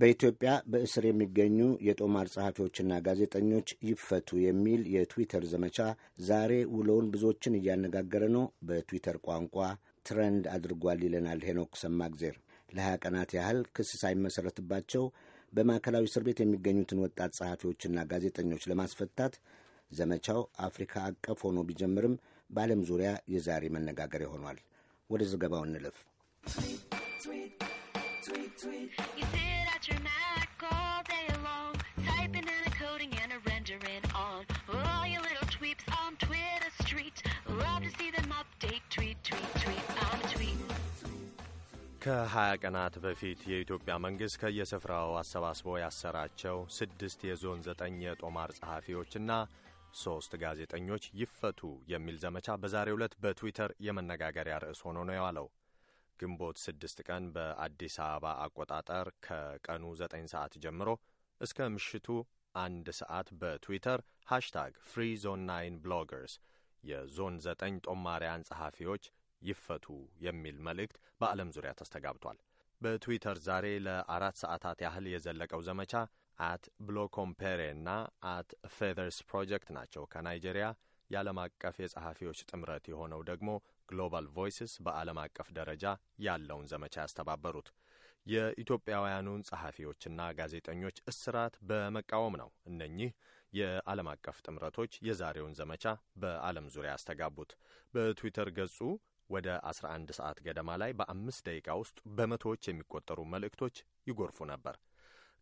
በኢትዮጵያ በእስር የሚገኙ የጦማር ጸሐፊዎችና ጋዜጠኞች ይፈቱ የሚል የትዊተር ዘመቻ ዛሬ ውሎውን ብዙዎችን እያነጋገረ ነው። በትዊተር ቋንቋ ትረንድ አድርጓል ይለናል ሄኖክ ሰማግዜር። ለሀያ ቀናት ያህል ክስ ሳይመሠረትባቸው በማዕከላዊ እስር ቤት የሚገኙትን ወጣት ጸሐፊዎችና ጋዜጠኞች ለማስፈታት ዘመቻው አፍሪካ አቀፍ ሆኖ ቢጀምርም በዓለም ዙሪያ የዛሬ መነጋገሪያ ሆኗል። ወደ ዘገባው እንለፍ። ከ20 ቀናት በፊት የኢትዮጵያ መንግሥት ከየስፍራው አሰባስቦ ያሰራቸው ስድስት የዞን ዘጠኝ የጦማር ጸሐፊዎችና ሶስት ጋዜጠኞች ይፈቱ የሚል ዘመቻ በዛሬው ዕለት በትዊተር የመነጋገሪያ ርዕስ ሆኖ ነው የዋለው። ግንቦት ስድስት ቀን በአዲስ አበባ አቆጣጠር ከቀኑ ዘጠኝ ሰዓት ጀምሮ እስከ ምሽቱ አንድ ሰዓት በትዊተር ሃሽታግ ፍሪ ዞን ናይን ብሎገርስ የዞን ዘጠኝ ጦማሪያን ጸሐፊዎች ይፈቱ የሚል መልእክት በዓለም ዙሪያ ተስተጋብቷል። በትዊተር ዛሬ ለአራት ሰዓታት ያህል የዘለቀው ዘመቻ አት ብሎኮምፔሬ እና አት ፌዘርስ ፕሮጀክት ናቸው። ከናይጄሪያ የዓለም አቀፍ የጸሐፊዎች ጥምረት የሆነው ደግሞ ግሎባል ቮይስስ በዓለም አቀፍ ደረጃ ያለውን ዘመቻ ያስተባበሩት የኢትዮጵያውያኑን ጸሐፊዎችና ጋዜጠኞች እስራት በመቃወም ነው። እነኚህ የዓለም አቀፍ ጥምረቶች የዛሬውን ዘመቻ በዓለም ዙሪያ ያስተጋቡት። በትዊተር ገጹ ወደ 11 ሰዓት ገደማ ላይ በአምስት ደቂቃ ውስጥ በመቶዎች የሚቆጠሩ መልእክቶች ይጎርፉ ነበር።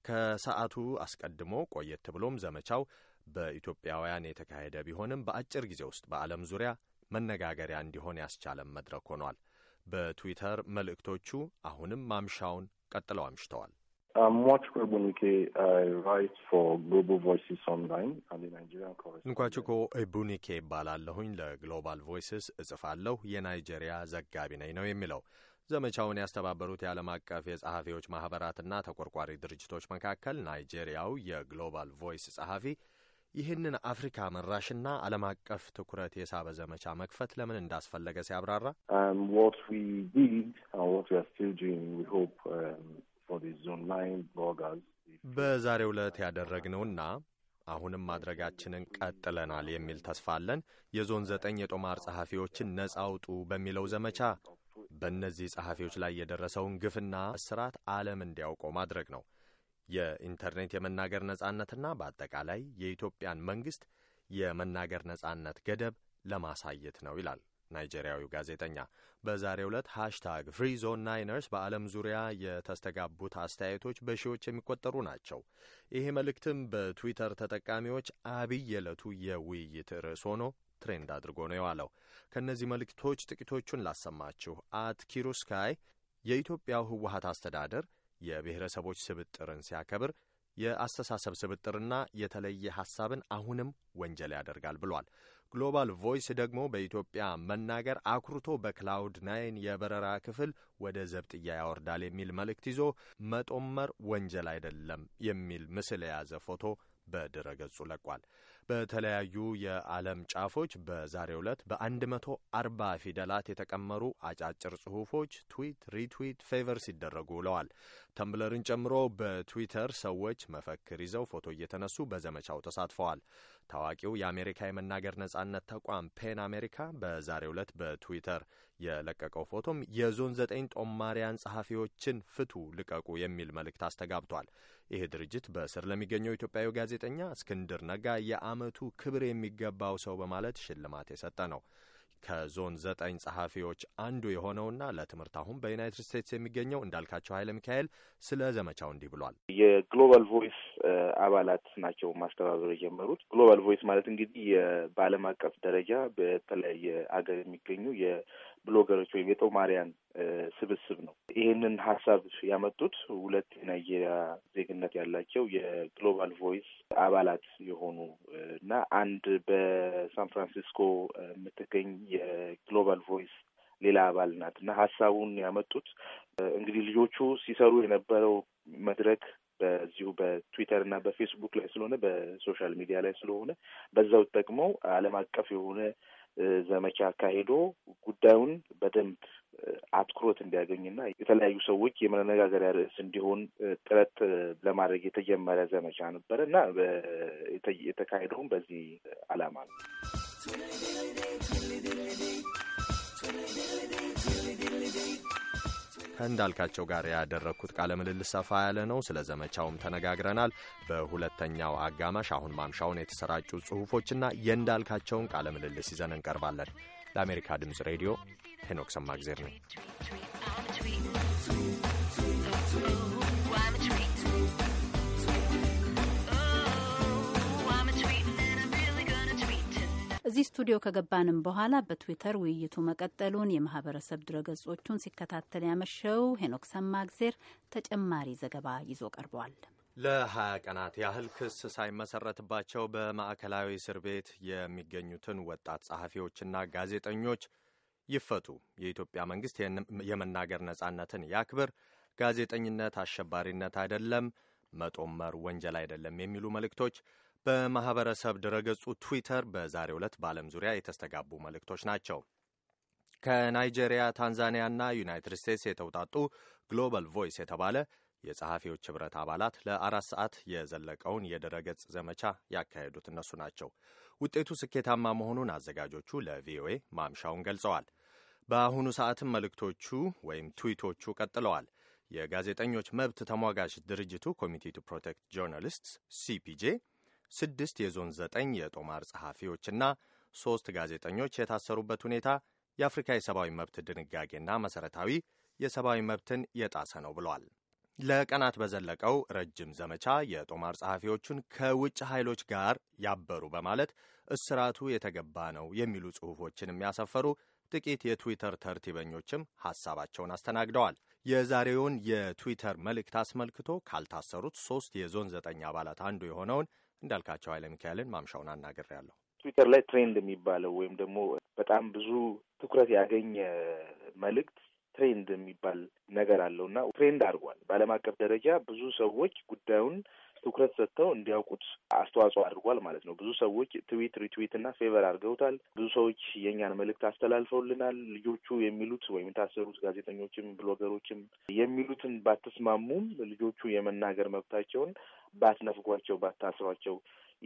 ከሰዓቱ አስቀድሞ ቆየት ብሎም ዘመቻው በኢትዮጵያውያን የተካሄደ ቢሆንም በአጭር ጊዜ ውስጥ በዓለም ዙሪያ መነጋገሪያ እንዲሆን ያስቻለም መድረክ ሆኗል። በትዊተር መልእክቶቹ አሁንም ማምሻውን ቀጥለው አምሽተዋል። uh, እንኳችኮ ኤቡኒኬ ይባላለሁኝ። ለግሎባል ቮይስስ እጽፋለሁ። የናይጄሪያ ዘጋቢ ነኝ ነው የሚለው ዘመቻውን ያስተባበሩት የዓለም አቀፍ የጸሐፊዎች ማኅበራትና ተቆርቋሪ ድርጅቶች መካከል ናይጄሪያው የግሎባል ቮይስ ጸሐፊ ይህንን አፍሪካ መራሽና ዓለም አቀፍ ትኩረት የሳበ ዘመቻ መክፈት ለምን እንዳስፈለገ ሲያብራራ um, um, በዛሬ ዕለት ያደረግነውና አሁንም ማድረጋችንን ቀጥለናል የሚል ተስፋ አለን። የዞን ዘጠኝ የጦማር ጸሐፊዎችን ነጻ አውጡ በሚለው ዘመቻ በእነዚህ ጸሐፊዎች ላይ የደረሰውን ግፍና እስራት ዓለም እንዲያውቀው ማድረግ ነው። የኢንተርኔት የመናገር ነጻነትና በአጠቃላይ የኢትዮጵያን መንግሥት የመናገር ነጻነት ገደብ ለማሳየት ነው ይላል ናይጄሪያዊው ጋዜጠኛ። በዛሬው ዕለት ሃሽታግ ፍሪ ዞን ናይነርስ በዓለም ዙሪያ የተስተጋቡት አስተያየቶች በሺዎች የሚቆጠሩ ናቸው። ይሄ መልእክትም በትዊተር ተጠቃሚዎች አብይ የዕለቱ የውይይት ርዕስ ሆኖ ትሬንድ አድርጎ ነው የዋለው። ከእነዚህ መልእክቶች ጥቂቶቹን ላሰማችሁ። አት ኪሩስካይ የኢትዮጵያው ህወሀት አስተዳደር የብሔረሰቦች ስብጥርን ሲያከብር የአስተሳሰብ ስብጥርና የተለየ ሐሳብን አሁንም ወንጀል ያደርጋል ብሏል። ግሎባል ቮይስ ደግሞ በኢትዮጵያ መናገር አኩርቶ በክላውድ ናይን የበረራ ክፍል ወደ ዘብጥያ ያወርዳል የሚል መልእክት ይዞ መጦመር ወንጀል አይደለም የሚል ምስል የያዘ ፎቶ በድረ ገጹ ለቋል። በተለያዩ የዓለም ጫፎች በዛሬ ዕለት በ140 ፊደላት የተቀመሩ አጫጭር ጽሑፎች ትዊት፣ ሪትዊት፣ ፌቨር ሲደረጉ ውለዋል። ተምብለርን ጨምሮ በትዊተር ሰዎች መፈክር ይዘው ፎቶ እየተነሱ በዘመቻው ተሳትፈዋል። ታዋቂው የአሜሪካ የመናገር ነጻነት ተቋም ፔን አሜሪካ በዛሬ ዕለት በትዊተር የለቀቀው ፎቶም የዞን ዘጠኝ ጦማሪያን ጸሐፊዎችን ፍቱ፣ ልቀቁ የሚል መልእክት አስተጋብቷል። ይህ ድርጅት በእስር ለሚገኘው ኢትዮጵያዊ ጋዜጠኛ እስክንድር ነጋ ለዓመቱ ክብር የሚገባው ሰው በማለት ሽልማት የሰጠ ነው። ከዞን ዘጠኝ ጸሐፊዎች አንዱ የሆነውና ለትምህርት አሁን በዩናይትድ ስቴትስ የሚገኘው እንዳልካቸው ኃይለ ሚካኤል ስለ ዘመቻው እንዲህ ብሏል። የግሎባል ቮይስ አባላት ናቸው ማስተባበር የጀመሩት። ግሎባል ቮይስ ማለት እንግዲህ በዓለም አቀፍ ደረጃ በተለያየ አገር የሚገኙ ብሎገሮች ወይም የጦማሪያን ስብስብ ነው። ይህንን ሀሳብ ያመጡት ሁለት የናይጄሪያ ዜግነት ያላቸው የግሎባል ቮይስ አባላት የሆኑ እና አንድ በሳን ፍራንሲስኮ የምትገኝ የግሎባል ቮይስ ሌላ አባል ናት እና ሀሳቡን ያመጡት እንግዲህ ልጆቹ ሲሰሩ የነበረው መድረክ በዚሁ በትዊተር እና በፌስቡክ ላይ ስለሆነ በሶሻል ሚዲያ ላይ ስለሆነ በዛው ጠቅመው ዓለም አቀፍ የሆነ ዘመቻ አካሂዶ ጉዳዩን በደንብ አትኩሮት እንዲያገኝና የተለያዩ ሰዎች የመነጋገሪያ ርዕስ እንዲሆን ጥረት ለማድረግ የተጀመረ ዘመቻ ነበረ እና የተካሄደውም በዚህ ዓላማ ነው። dee, dee, dee, dee. ከእንዳልካቸው ጋር ያደረግኩት ቃለ ምልልስ ሰፋ ያለ ነው። ስለ ዘመቻውም ተነጋግረናል። በሁለተኛው አጋማሽ አሁን ማምሻውን የተሰራጩ ጽሑፎችና የእንዳልካቸውን ቃለ ምልልስ ይዘን እንቀርባለን። ለአሜሪካ ድምፅ ሬዲዮ ሄኖክ ሰማግዜር ነኝ። እዚህ ስቱዲዮ ከገባንም በኋላ በትዊተር ውይይቱ መቀጠሉን የማህበረሰብ ድረገጾቹን ሲከታተል ያመሸው ሄኖክ ሰማግዜር ተጨማሪ ዘገባ ይዞ ቀርቧል። ለሀያ ቀናት ያህል ክስ ሳይመሰረትባቸው በማዕከላዊ እስር ቤት የሚገኙትን ወጣት ጸሐፊዎችና ጋዜጠኞች ይፈቱ፣ የኢትዮጵያ መንግስት የመናገር ነጻነትን ያክብር፣ ጋዜጠኝነት አሸባሪነት አይደለም፣ መጦመር ወንጀል አይደለም የሚሉ መልእክቶች በማህበረሰብ ድረገጹ ትዊተር በዛሬው ዕለት በዓለም ዙሪያ የተስተጋቡ መልእክቶች ናቸው። ከናይጄሪያ፣ ታንዛኒያና ዩናይትድ ስቴትስ የተውጣጡ ግሎባል ቮይስ የተባለ የጸሐፊዎች ኅብረት አባላት ለአራት ሰዓት የዘለቀውን የድረገጽ ዘመቻ ያካሄዱት እነሱ ናቸው። ውጤቱ ስኬታማ መሆኑን አዘጋጆቹ ለቪኦኤ ማምሻውን ገልጸዋል። በአሁኑ ሰዓትም መልእክቶቹ ወይም ትዊቶቹ ቀጥለዋል። የጋዜጠኞች መብት ተሟጋች ድርጅቱ ኮሚቴ ቱ ፕሮቴክት ጆርናሊስትስ ሲፒጄ ስድስት የዞን ዘጠኝ የጦማር ጸሐፊዎችና ሦስት ጋዜጠኞች የታሰሩበት ሁኔታ የአፍሪካ የሰብአዊ መብት ድንጋጌና መሠረታዊ የሰብአዊ መብትን የጣሰ ነው ብሏል። ለቀናት በዘለቀው ረጅም ዘመቻ የጦማር ጸሐፊዎቹን ከውጭ ኃይሎች ጋር ያበሩ በማለት እስራቱ የተገባ ነው የሚሉ ጽሑፎችን የሚያሰፈሩ ጥቂት የትዊተር ተርቲበኞችም ሐሳባቸውን አስተናግደዋል። የዛሬውን የትዊተር መልእክት አስመልክቶ ካልታሰሩት ሦስት የዞን ዘጠኝ አባላት አንዱ የሆነውን እንዳልካቸው ኃይለ ሚካኤልን ማምሻውን አናገር ያለው ትዊተር ላይ ትሬንድ የሚባለው ወይም ደግሞ በጣም ብዙ ትኩረት ያገኘ መልእክት ትሬንድ የሚባል ነገር አለው እና ትሬንድ አድርጓል። በዓለም አቀፍ ደረጃ ብዙ ሰዎች ጉዳዩን ትኩረት ሰጥተው እንዲያውቁት አስተዋጽኦ አድርጓል ማለት ነው። ብዙ ሰዎች ትዊት፣ ሪትዊት እና ፌቨር አድርገውታል። ብዙ ሰዎች የእኛን መልእክት አስተላልፈውልናል። ልጆቹ የሚሉት ወይም የታሰሩት ጋዜጠኞችም ብሎገሮችም የሚሉትን ባትስማሙም ልጆቹ የመናገር መብታቸውን ባትነፍጓቸው፣ ባታስሯቸው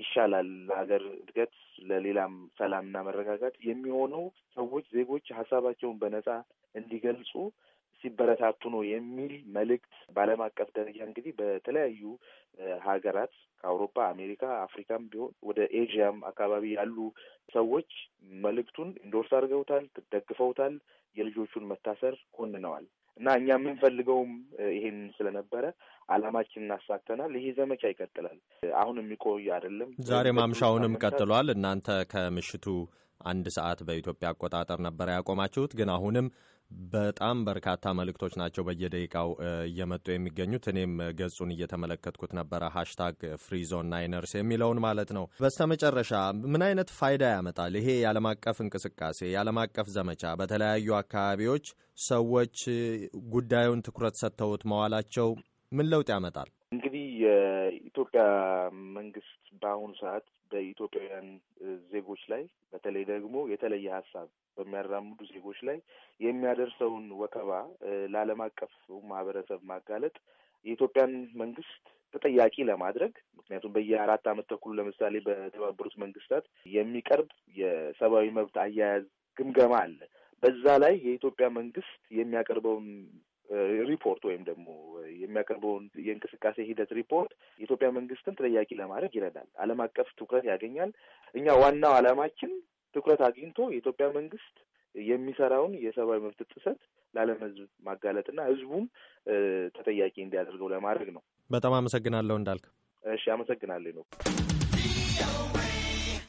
ይሻላል ለሀገር እድገት ለሌላም ሰላምና መረጋጋት የሚሆነው ሰዎች ዜጎች ሀሳባቸውን በነጻ እንዲገልጹ ሲበረታቱ ነው የሚል መልእክት በዓለም አቀፍ ደረጃ እንግዲህ በተለያዩ ሀገራት ከአውሮፓ፣ አሜሪካ፣ አፍሪካም ቢሆን ወደ ኤዥያም አካባቢ ያሉ ሰዎች መልእክቱን ኢንዶርስ አድርገውታል፣ ደግፈውታል፣ የልጆቹን መታሰር ኮንነዋል። እና እኛ የምንፈልገውም ይሄን ስለነበረ አላማችንን አሳክተናል። ይሄ ዘመቻ ይቀጥላል። አሁን የሚቆይ አይደለም። ዛሬ ማምሻውንም ቀጥሏል። እናንተ ከምሽቱ አንድ ሰዓት በኢትዮጵያ አቆጣጠር ነበረ ያቆማችሁት፣ ግን አሁንም በጣም በርካታ መልእክቶች ናቸው በየደቂቃው እየመጡ የሚገኙት። እኔም ገጹን እየተመለከትኩት ነበረ። ሃሽታግ ፍሪዞን ናይነርስ የሚለውን ማለት ነው። በስተመጨረሻ ምን አይነት ፋይዳ ያመጣል ይሄ የዓለም አቀፍ እንቅስቃሴ፣ የዓለም አቀፍ ዘመቻ? በተለያዩ አካባቢዎች ሰዎች ጉዳዩን ትኩረት ሰጥተውት መዋላቸው ምን ለውጥ ያመጣል? የኢትዮጵያ መንግስት በአሁኑ ሰዓት በኢትዮጵያውያን ዜጎች ላይ በተለይ ደግሞ የተለየ ሀሳብ በሚያራምዱ ዜጎች ላይ የሚያደርሰውን ወከባ ለዓለም አቀፍ ማህበረሰብ ማጋለጥ የኢትዮጵያን መንግስት ተጠያቂ ለማድረግ ምክንያቱም በየአራት ዓመት ተኩል ለምሳሌ በተባበሩት መንግስታት የሚቀርብ የሰብአዊ መብት አያያዝ ግምገማ አለ። በዛ ላይ የኢትዮጵያ መንግስት የሚያቀርበውን ሪፖርት ወይም ደግሞ የሚያቀርበውን የእንቅስቃሴ ሂደት ሪፖርት የኢትዮጵያ መንግስትን ተጠያቂ ለማድረግ ይረዳል። ዓለም አቀፍ ትኩረት ያገኛል። እኛ ዋናው ዓላማችን ትኩረት አግኝቶ የኢትዮጵያ መንግስት የሚሰራውን የሰብአዊ መብት ጥሰት ለዓለም ሕዝብ ማጋለጥና ህዝቡም ተጠያቂ እንዲያደርገው ለማድረግ ነው። በጣም አመሰግናለሁ እንዳልክ። እሺ አመሰግናለሁ ነው